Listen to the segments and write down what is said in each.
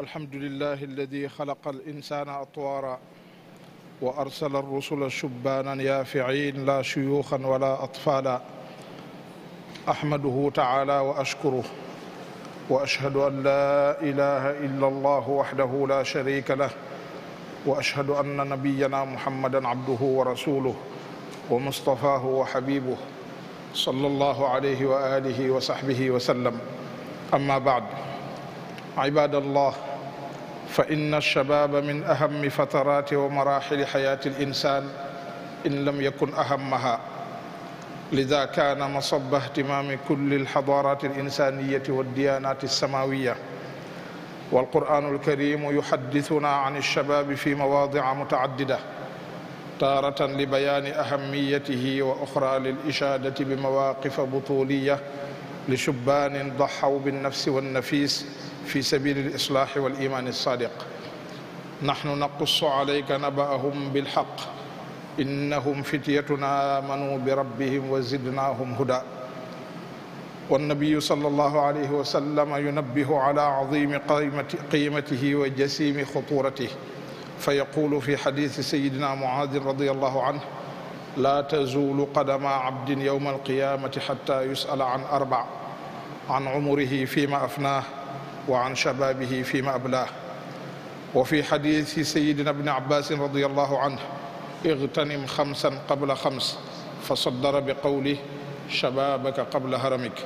الحمد لله الذي خلق الإنسان أطوارا وأرسل الرسل شبانا يافعين لا شيوخا ولا أطفالا أحمده تعالى وأشكره وأشهد أن لا إله إلا الله وحده لا شريك له وأشهد أن نبينا محمدا عبده ورسوله ومصطفاه وحبيبه صلى الله عليه وآله وصحبه وسلم أما بعد عباد الله فإن الشباب من أهم فترات ومراحل حياة الإنسان إن لم يكن أهمها لذا كان مصب اهتمام كل الحضارات الإنسانية والديانات السماوية والقرآن الكريم يحدثنا عن الشباب في مواضع متعددة تارة لبيان أهميته وأخرى للإشادة بمواقف بطولية لشبان ضحوا بالنفس والنفيس في سبيل الإصلاح والإيمان الصادق نحن نقص عليك نبأهم بالحق إنهم فتيتنا آمنوا بربهم وزدناهم هدى والنبي صلى الله عليه وسلم ينبه على عظيم قيمته وجسيم خطورته فيقول في حديث سيدنا معاذ رضي الله عنه لا تزول قدم عبد يوم القيامة حتى يسأل عن أربع عن عمره فيما أفناه وعن شبابه فيما أبلاه وفي حديث سيدنا ابن عباس رضي الله عنه اغتنم خمسا قبل خمس فصدر بقوله شبابك قبل هرمك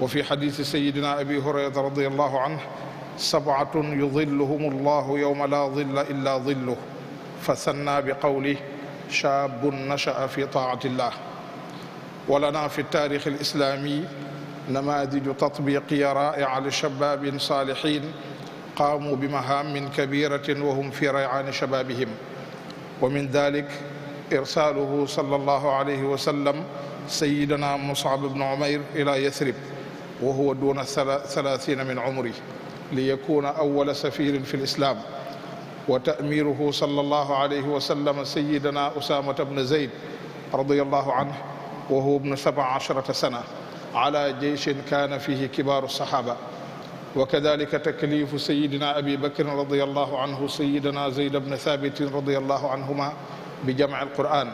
وفي حديث سيدنا أبي هريرة رضي الله عنه سبعة يظلهم الله يوم لا ظل إلا ظله فثنى بقوله شاب نشأ في طاعة الله ولنا في التاريخ الإسلامي نماذج تطبيقية رائعة لشباب صالحين قاموا بمهام كبيرة وهم في ريعان شبابهم ومن ذلك إرساله صلى الله عليه وسلم سيدنا مصعب بن عمير إلى يثرب وهو دون ثلاثين من عمره ليكون أول سفير في الإسلام وتأميره صلى الله عليه وسلم سيدنا أسامة بن زيد رضي الله عنه وهو ابن سبع عشرة سنة على جيش كان فيه كبار الصحابة وكذلك تكليف سيدنا أبي بكر رضي الله عنه سيدنا زيد بن ثابت رضي الله عنهما بجمع القرآن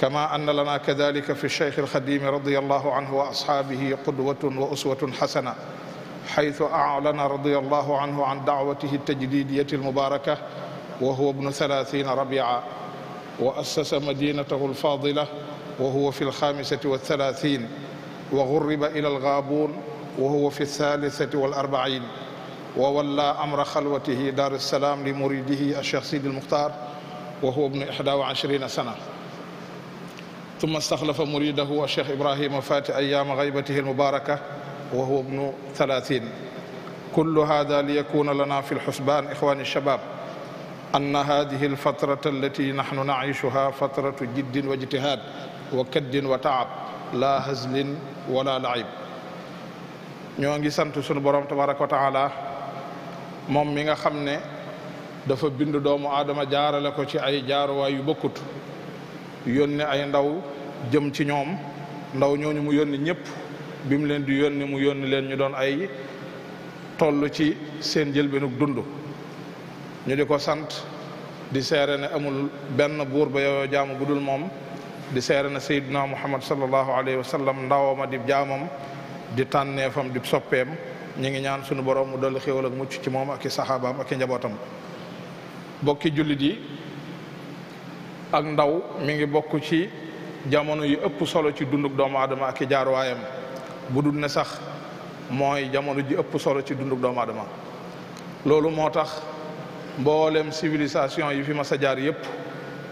كما أن لنا كذلك في الشيخ الخديم رضي الله عنه وأصحابه قدوة وأسوة حسنة حيث أعلن رضي الله عنه عن دعوته التجديدية المباركة وهو ابن ثلاثين ربيعا وأسس مدينته الفاضلة وهو في الخامسة والثلاثين وغرب إلى الغابون وهو في الثالثة والأربعين وولى أمر خلوته دار السلام لمريده الشيخ سيدي المختار وهو ابن إحدى وعشرين سنة ثم استخلف مريده الشيخ إبراهيم فات أيام غيبته المباركة وهو ابن ثلاثين كل هذا ليكون لنا في الحسبان إخواني الشباب أن هذه الفترة التي نحن نعيشها فترة جد واجتهاد وكد وتعب la hazlin wala laib ñoo ngi sant sunu borom tabaraka wa taala moom mi nga xam ne dafa bind doomu aadama jaarale ko ci ay jaaruwaay yu bokkut yónni ay ndaw jëm ci ñoom ndaw ñooñu mu yónni ñëpp bi mu leen di yónni mu yónni leen ñu doon ay toll ci seen jëlbeenug dund ñu di ko sant di seere ne amul benn buur ba yow jaamu bu dul moom di seere na sayyiduna muhammad sallallahu alayhi wa sallam ndawama di jaamam di tànneefam di soppeem ñu ngi ñaan sunu borom mu dolli xéwal ak mucc ci moom ak i saxaabaam ak i njabootam bokki jullit ak ndaw mi ngi bokk ci jamono yi ëpp solo ci dunduk doomu aadama ak i bu dul ne sax mooy jamono ji ëpp solo ci dunduk doomu adama loolu moo tax mboolem civilisation yi fi masa jaar yëpp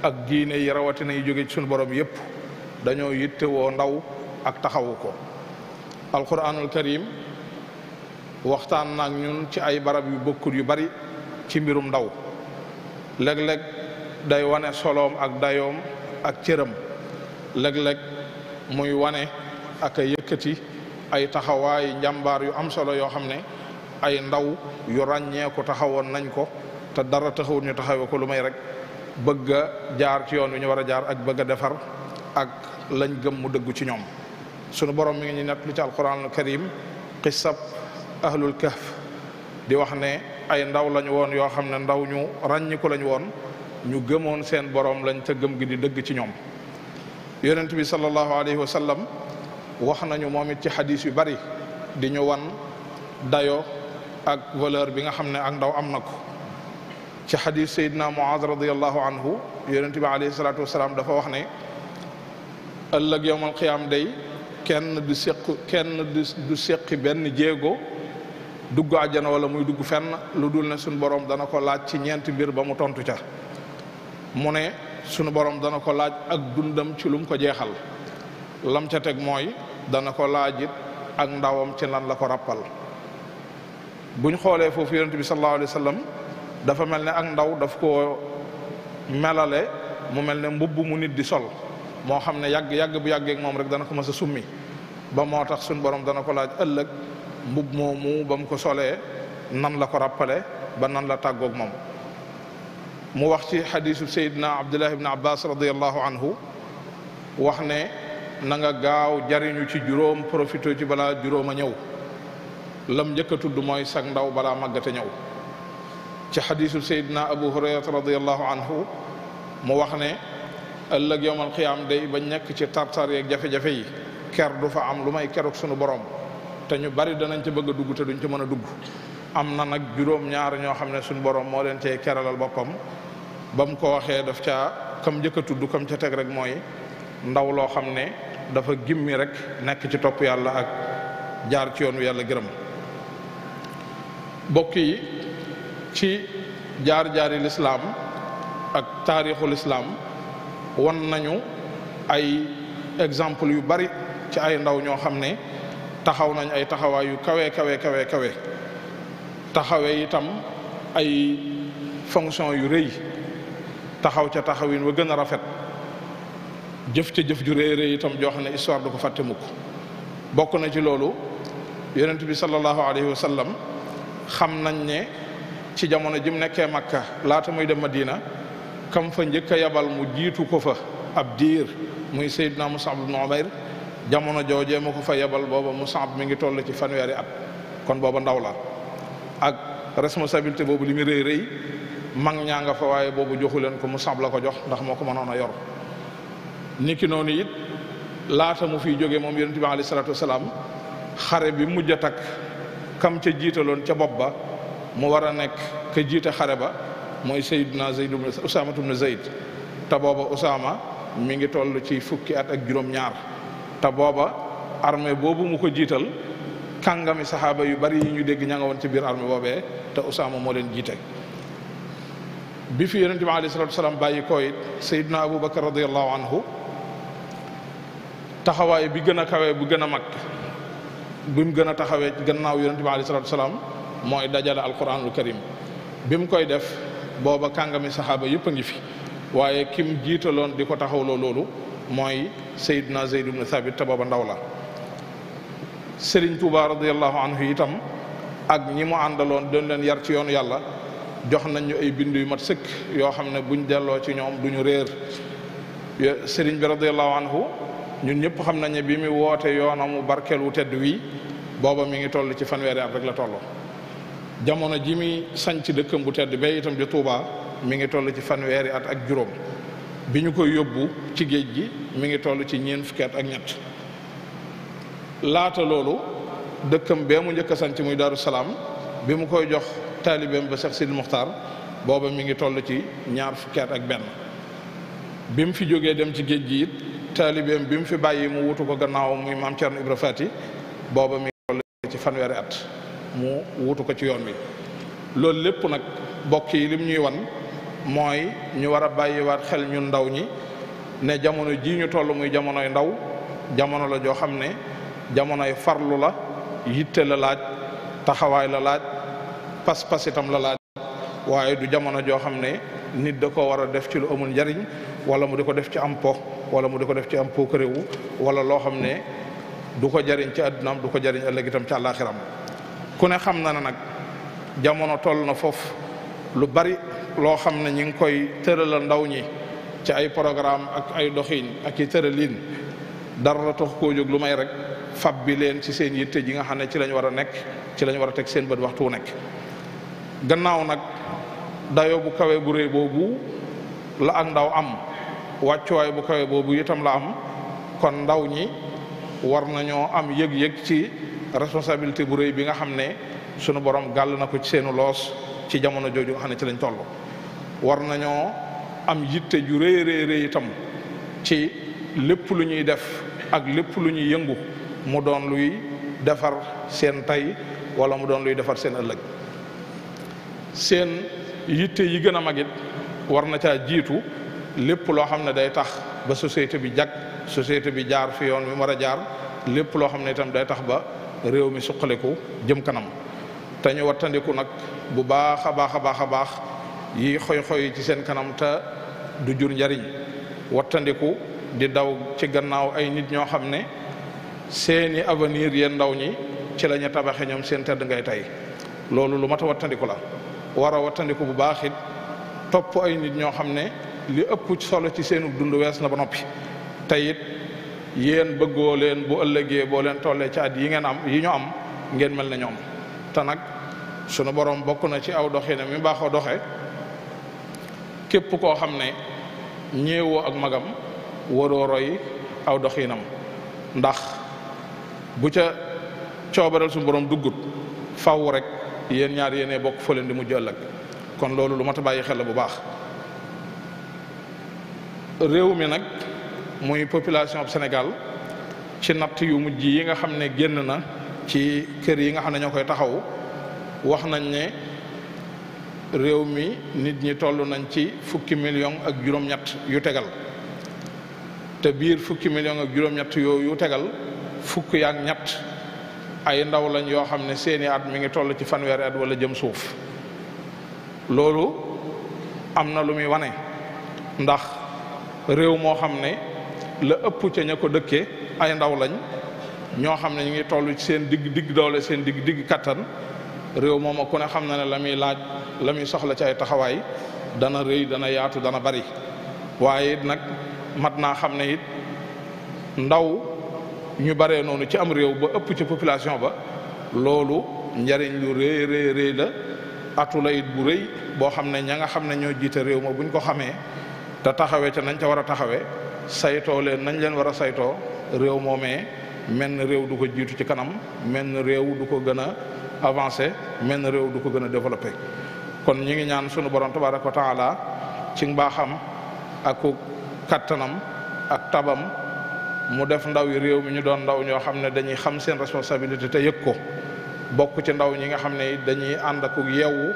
ak giine yi rawatina yi jóge ci suñu borom yépp dañoo yittewoo ndaw ak taxawu ko alquranul karim waxtaan naag ñun ci ay barab yu bokkul yu bari ci mbirum ndaw leg léeg day wane soloom ak dayoom ak cëram leg léeg muy wane ak ay ay taxawaay njàmbaar yu am solo yoo xam ne ay ndaw yu ràññeeku taxawoon nañ ko te dara taxawut ñu taxawee ko lu may rek bëgg a jaar ci yoon wi ñu war a jaar ak bëgg defar ak lañ gëm mu dëggu ci ñoom sunu borom mi ngi ñu nett lu ci alquranul karim xisab ahlul kahf di wax ne ay ndaw lañ woon yoo xam ne ndaw ñu ràññiku lañu woon ñu gëmoon seen borom lañ te gëm gi di dëgg ci ñoom yonent bi sallallahu alayhi wa wax nañu moom it ci xadis yu bari di ñu wan dayo ak valeur bi nga xam ne ak ndaw am na ko ci hadith sayyidina muaz radiyallahu anhu yaronte bi alayhi salatu wassalam dafa wax ne ëllëg yowmal qiyaam day kenn du séq kenn du séqi benn jéego dugg àjjana wala muy dugg fenn lu dul ne suñu borom dana ko laaj ci ñeenti mbir ba mu tontu ca mu ne sunu borom dana ko laaj ak dundam ci lu mu ko jeexal lam ca teg mooy dana ko laajit ak ndawam ci lan la ko rappal buñ xoolee foofu yonente bi sallallahu alayhi wa sallam dafa mel ne ak ndaw daf koo melale mu mel ne mbubb mu nit di sol moo xam ne yàgg yàgg bu yàggeek moom rek dana ko mës a summi ba moo tax suñ borom dana ko laaj ëllëg mbub moomu ba mu ko solee nan la ko rappale ba nan la tàggoog moom mu wax ci xadiisu Seydina Abdullah ibn Abbas radiallahu anhu wax ne na nga gaaw jariñu ci juróom profité ci balaa juróom a ñëw lam njëkk a tudd mooy sag ndaw balaa màggate ñëw ci xadiisu Seydina Abu Hurayrata radiyallahu anhu mu wax ne ëllëg yowmal qiyaam day ba nekk ci tartar yeeg jafe-jafe yi ker du fa am lu may keroog sunu boroom te ñu bari danañ ci bëgg a dugg te duñ ci mën a dugg am na nag juróom-ñaar ñoo xam ne suñu boroom moo leen cee keralal boppam ba mu ko waxee daf ca kam njëkk a tudd kam ca teg rek mooy ndaw loo xam ne dafa gimmi rek nekk ci topp yàlla ak jaar ci yoon wi yàlla gërëm mbokk ci jaar-jaari lislaam ak taarixu lislaam wan nañu ay exemple yu bari ci ay ndaw ñoo xam ne taxaw nañ ay taxawaay yu kawe kawe kawe kawe taxawe itam ay fonction yu rëy taxaw ca taxawin wa gën a rafet jëf ca jëf ju rëy rëy yitam joo ne histoire du ko fàtte mukk bokk na ci loolu yonent bi sallallahu alayhi wa xam nañ ne ci jamono jim mu nekkee Makka laata muy dem diina kam fa njëkk a yabal mu jiitu ko fa ab diir muy Seydina Musab ibn Umayr jamono joojee ma ko fa yabal booba mu Musab mi ngi toll ci fanweeri at kon booba ndaw la ak responsabilité boobu li rëy rëy mag ñaa nga fa waaye boobu joxu leen ko mu la ko jox ndax moo ko mënoon a yor niki noonu it laata mu fi jóge moom yonente bi alayhi salaam xare bi mujj a takk kam ca jiitaloon ca bopp ba mu war a nekk ka jiite xare ba mooy Seydina Zayd Usaama na Zayd te booba Usaama mi ngi tollu ci fukki at ak juróom-ñaar te booba armée boobu mu ko jiital kàngami saxaaba yu bari yi ñu dégg ña nga ci biir armée boobee te Usaama moo leen jiite bi fi yonente bi alayhi salatu wasalaam bàyyi koo it Seydina Abu Bakar radiallahu anhu taxawaay bi gën a kawee bu gën a mag bi mu gën a taxawee gannaaw yonente bi alayhi salatu wasalaam mooy dajale alquranul karim bi mu koy def booba kàngami saxaaba yëpp a ngi fi waaye kim jiitaloon di ko taxawloo loolu mooy sayyiduna zayd ibnu thabit te booba ndaw la sëriñ tuuba radiallahu anhu itam ak ñi mu àndaloon doon leen yar ci yoonu yàlla jox nañ ñu ay bind yu mat sëkk yoo xam ne buñ delloo ci ñoom duñu réer sëriñ bi radiallahu anhu ñun ñëpp xam nañ bi mu woote yoonam mu barkeel wu tedd wi booba mi ngi toll ci fanweeri at rek la toll jamono ji muy sanc dëkkam bu tedd bee itam di Touba mi ngi toll ci fanweeri at ak juróom bi ñu koy yóbbu ci géej gi mi ngi toll ci ñeent fukki at ak ñett laata loolu dëkkam bee mu njëkk a sanc muy Daaru Salaam bi mu koy jox taalibeem ba Cheikh Sidi Muxtaar booba mi ngi toll ci ñaar fukki at ak benn bi mu fi jógee dem ci géej gi it taalibeem bi mu fi bàyyi mu wutu ko gannaawam muy maam Thierno Ibra Fati booba mi ngi toll ci fanweeri at mu wutu ko ci yoon wi loolu lépp nag bokk yi lim ñuy wan mooy ñu war a bàyyiwaat xel ñun ndaw ñi ne jamono ji ñu toll muy jamonoy ndaw jamono la joo xam ne jamonoy farlu la yitte la laaj taxawaay la laaj pas-pas itam la laaj waaye du jamono joo xam ne nit da ko war a def ci lu amul njariñ wala mu di def ci am po wala mu di ko def ci am po réew wala loo xam ne du ko jariñ ci àddunaam du ko jariñ ëllëg itam ci àllaaxiram ku ne xam na ne nag jamono toll na foofu lu bari loo xam ne ñi ngi koy tëralal ndaw ñi ci ay programme ak ay doxiin ak i tëraliin dara tax koo jóg lu may rek fab bi leen ci seen yitte ji nga xam ne ci lañ war a nekk ci lañ war a teg seen bët waxtu wu nekk gannaaw nag dayo bu kawe bu rëy boobu la ak ndaw am wàccuwaay bu kawe boobu itam la am kon ndaw ñi war nañoo am yëg-yëg ci responsabilité bu rëy bi nga xam ne sunu borom gàll na ko ci seenu loos ci jamono jooju nga xam ne ci lañ toll. war nañoo am yitte ju rëy rëy itam ci lépp lu ñuy def ak lépp lu ñuy yëngu mu doon luy defar seen tey wala mu doon luy defar seen ëllëg seen yitte yi gën a mag it war na caa jiitu lépp loo xam ne day tax ba société bi jag société bi jaar fi yoon bi war a jaar lépp loo xam ne itam day tax ba. réew mi suqaliku jëm kanam te ñu wattandiku nag bu baax a baax a baax a baax yi xoy-xoy ci seen kanam te du jur njariñ wattandiku di daw ci gannaaw ay nit ñoo xam ne seeni avenir yéen ndaw ñi ci la tabaxee ñoom seen tedd ngay tey loolu lu mat a wattandiku la war a wattandiku bu baax it topp ay nit ñoo xam ne li ëpp solo ci seenu dund wees na ba noppi tey yéen bëggoo leen bu ëllëgee boo leen tollee ci at yi ngeen am yi ñu am ngeen mel na ñoom te nag sunu borom bokk na ci aw doxinam ne mi baaxoo doxe képp koo xam ne ñeewoo ak magam waroo roy aw doxinam ndax bu ca coobareel suñu boroom duggut faw rek yéen ñaar yéenee bokk fa leen di mujj ëllëg kon loolu lu mat a bàyyi xel la bu baax réew mi nag muy population bu Sénégal ci natt yu mujj yi nga xam ne génn na ci kër yi nga xam ne ñoo koy taxaw wax nañ ne réew mi nit ñi toll nañ ci fukki million ak juróom-ñett yu tegal te biir fukki million ak juróom-ñett yu tegal fukk yaak ñett ay ndaw lañ yoo xam ne seeni at mi ngi toll ci fanweeri at wala jëm suuf loolu am na lu muy wane ndax réew moo xam ne la ëpp ca ña ko dëkkee ay ndaw lañ ñoo xam ne ñu ngi toll ci seen digg digg doole seen digg digg kattan réew moom ku ne xam na ne la muy laaj la muy soxla ci ay taxawaay dana rëy dana yaatu dana bari waaye it nag mat naa xam ne it ndaw ñu baree noonu ci am réew ba ëpp ca population ba loolu njariñ lu rëy rëy la atu la it bu rëy boo xam ne ña nga xam ne ñoo jiita réew ma buñ ko xamee te taxawee ca nañ ca war a taxawee saytoo leen nañ leen war a saytoo réew moomee menn réew du ko jiitu ci kanam menn réew du ko gën a avancé menn réew du ko gën a développé kon ñi ngi ñaan sunu borom tabaraka wa taala ci mbaaxam ak kattanam ak tabam mu def ndaw yi réew mi ñu doon ndaw ñoo xam ne dañuy xam seen responsabilité te yëg ko bokk ci ndaw ñi nga xam ne dañuy ànd ak yeewu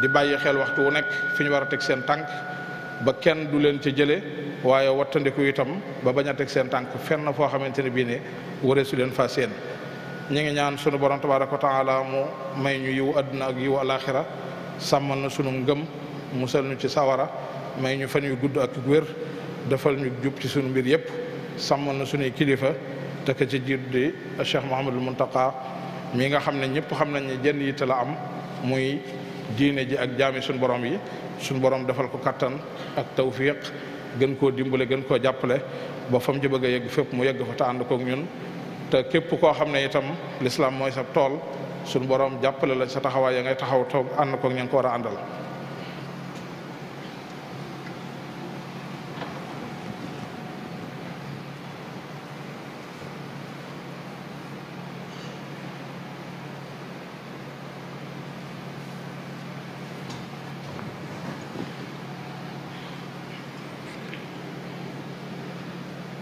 di bàyyi xel waxtu wu nekk fi ñu war a teg seen tànk ba kenn du leen ci jële waaye wattandiku itam ba bañ a teg seen tànk fenn foo xamante ne bii ne waree su leen fa seen ñu ngi ñaan sunu borom tabaraka wa taala mu may ñu yiw àdduna ak yiw alaxira sàmmal na sunu ngëm musal ñu ci sawara may ñu fan yu gudd ak wér defal ñu jub ci sunu mbir yépp sàmmal na sunuy kilifa te ka ci jiit di Cheikh Mouhamadul Muntaqa mii nga xam ne ñëpp xam nañ ne jenn yitte la am muy diine ji ak jaami suñ borom yi suñ borom defal ko kattan ak tawfiq gën koo dimbale gën koo jàppale ba fa mu ci bëgg yegg fépp mu yegg fa ta ànd koog ñun te képp koo xam ne itam lislaam mooy sa tool suñ borom jàppale lañ sa taxawaay ya ngay taxaw toog ànd koog ña ko war a àndal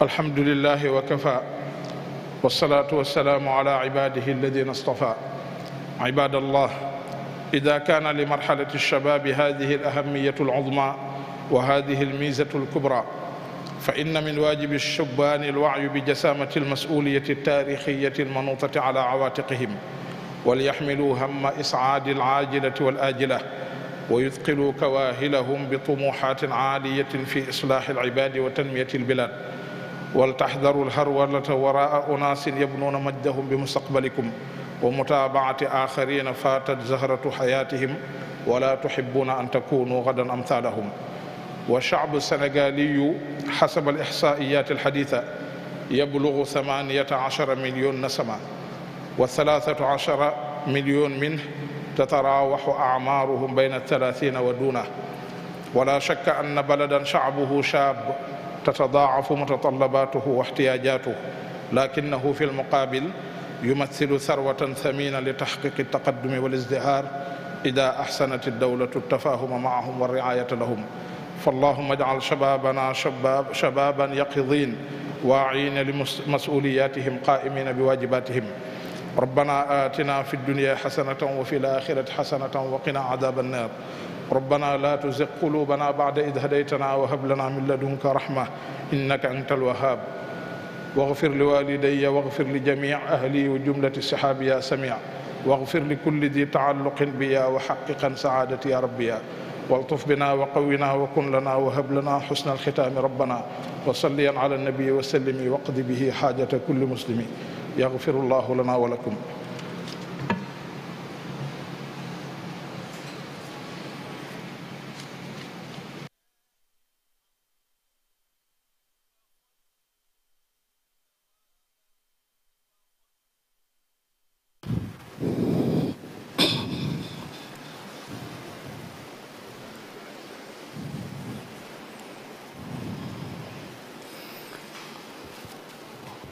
الحمد لله وكفى والصلاة والسلام على عباده الذين اصطفى عباد الله إذا كان لمرحلة الشباب هذه الأهمية العظمى وهذه الميزة الكبرى فإن من واجب الشبان الوعي بجسامة المسؤولية التاريخية المنوطة على عواتقهم وليحملوا هم إسعاد العاجلة والآجلة ويثقلوا كواهلهم بطموحات عالية في إصلاح العباد وتنمية البلاد ولتحذروا الهرولة وراء أناس يبنون مجدهم بمستقبلكم ومتابعة آخرين فاتت زهرة حياتهم ولا تحبون أن تكونوا غدا أمثالهم والشعب السنغالي حسب الإحصائيات الحديثة يبلغ ثمانية عشر مليون نسمة والثلاثة عشر مليون منه تتراوح أعمارهم بين الثلاثين ودونه ولا شك أن بلدا شعبه شاب تتضاعف متطلباته واحتياجاته لكنه في المقابل يمثل ثروة ثمينة لتحقيق التقدم والازدهار إذا أحسنت الدولة التفاهم معهم والرعاية لهم فاللهم اجعل شبابنا شباب شبابا يقظين واعين لمسؤولياتهم قائمين بواجباتهم ربنا آتنا في الدنيا حسنة وفي الآخرة حسنة وقنا عذاب النار ربنا لا تزغ قلوبنا بعد إذ هديتنا وهب لنا من لدنك رحمة إنك أنت الوهاب واغفر لوالدي واغفر لجميع أهلي وجملة السحاب يا سميع واغفر لكل ذي تعلق بي وحققا سعادتي يا ربي والطف بنا وقونا وكن لنا وهب لنا حسن الختام ربنا وصليا على النبي وسلم واقض به حاجة كل مسلم يغفر الله لنا ولكم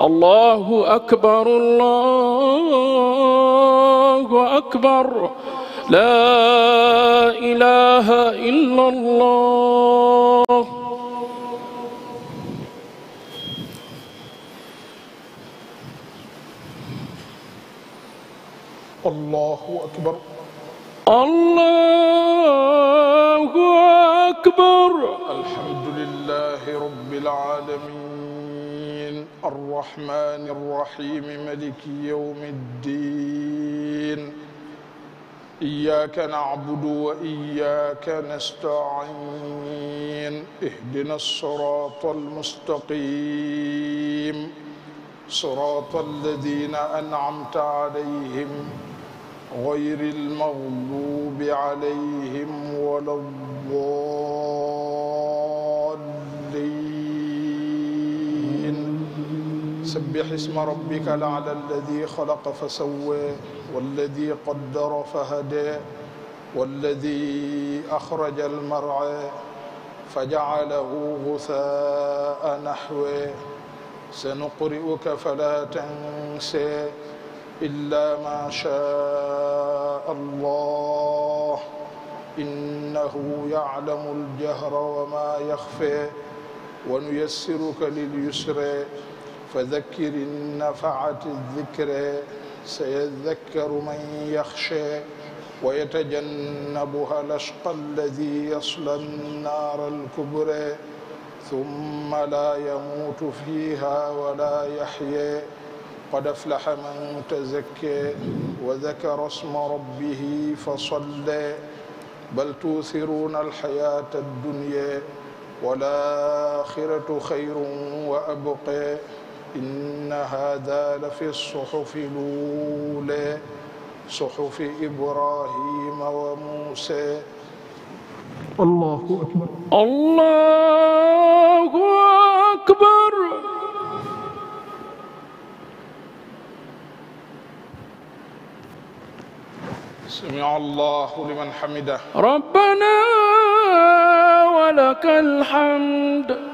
الله أكبر الله أكبر لا إله إلا الله الله أكبر الله أكبر الحمد لله رب العالمين الرحمن الرحيم ملك يوم الدين إياك نعبد وإياك نستعين اهدنا الصراط المستقيم صراط الذين أنعمت عليهم غير المغلوب عليهم ولا الضالين سبح اسم ربك الاعلى الذي خلق فسوى والذي قدر فهدى والذي أخرج المرعى فجعله غثاء نحوه سنقرئك فلا تنسى إلا ما شاء الله إنه يعلم الجهر وما يخفي ونيسرك لليسر فذكر إن نفعت الذكر سيذكر من يخشى ويتجنبها الأشقى الذي يصلى النار الكبرى ثم لا يموت فيها ولا يحيى قد أفلح من تزكى وذكر اسم ربه فصلى بل توثرون الحياة الدنيا والآخرة خير وأبقى إن هذا لفي الصحف الأولى صحف إبراهيم وموسى الله أكبر الله أكبر سمع الله لمن حمده ربنا ولك الحمد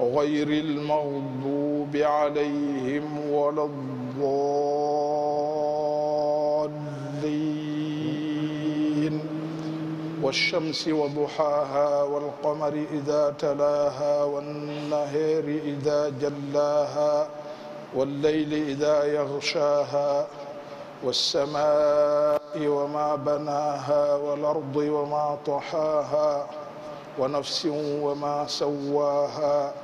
غير المغضوب عليهم ولا الضالين والشمس وضحاها والقمر إذا تلاها والنهر إذا جلاها والليل إذا يغشاها والسماء وما بناها والأرض وما طحاها ونفس وما سواها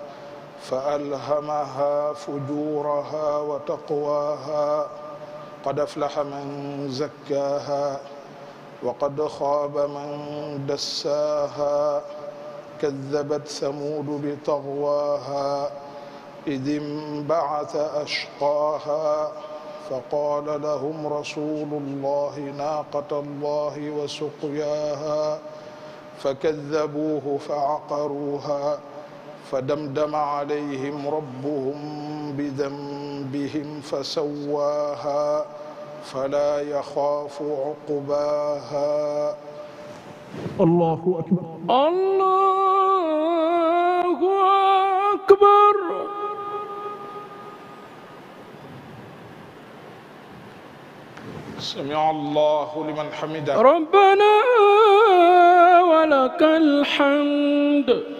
فألهمها فجورها وتقواها قد أفلح من زكاها وقد خاب من دساها كذبت ثمود بطغواها إذ انبعث أشقاها فقال لهم رسول الله ناقة الله وسقياها فكذبوه فعقروها فدمدم عليهم ربهم بذنبهم فسواها فلا يخاف عقباها الله أكبر الله أكبر سمع الله لمن حمده ربنا ولك الحمد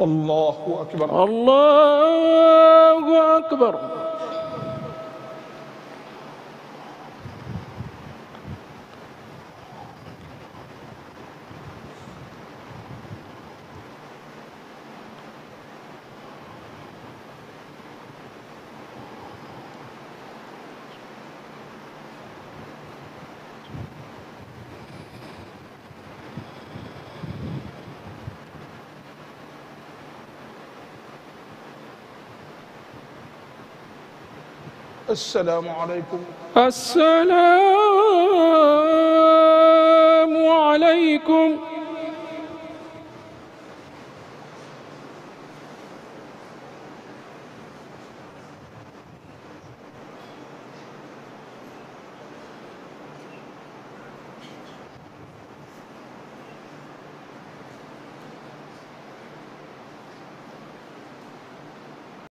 الله أكبر الله أكبر السلام عليكم السلام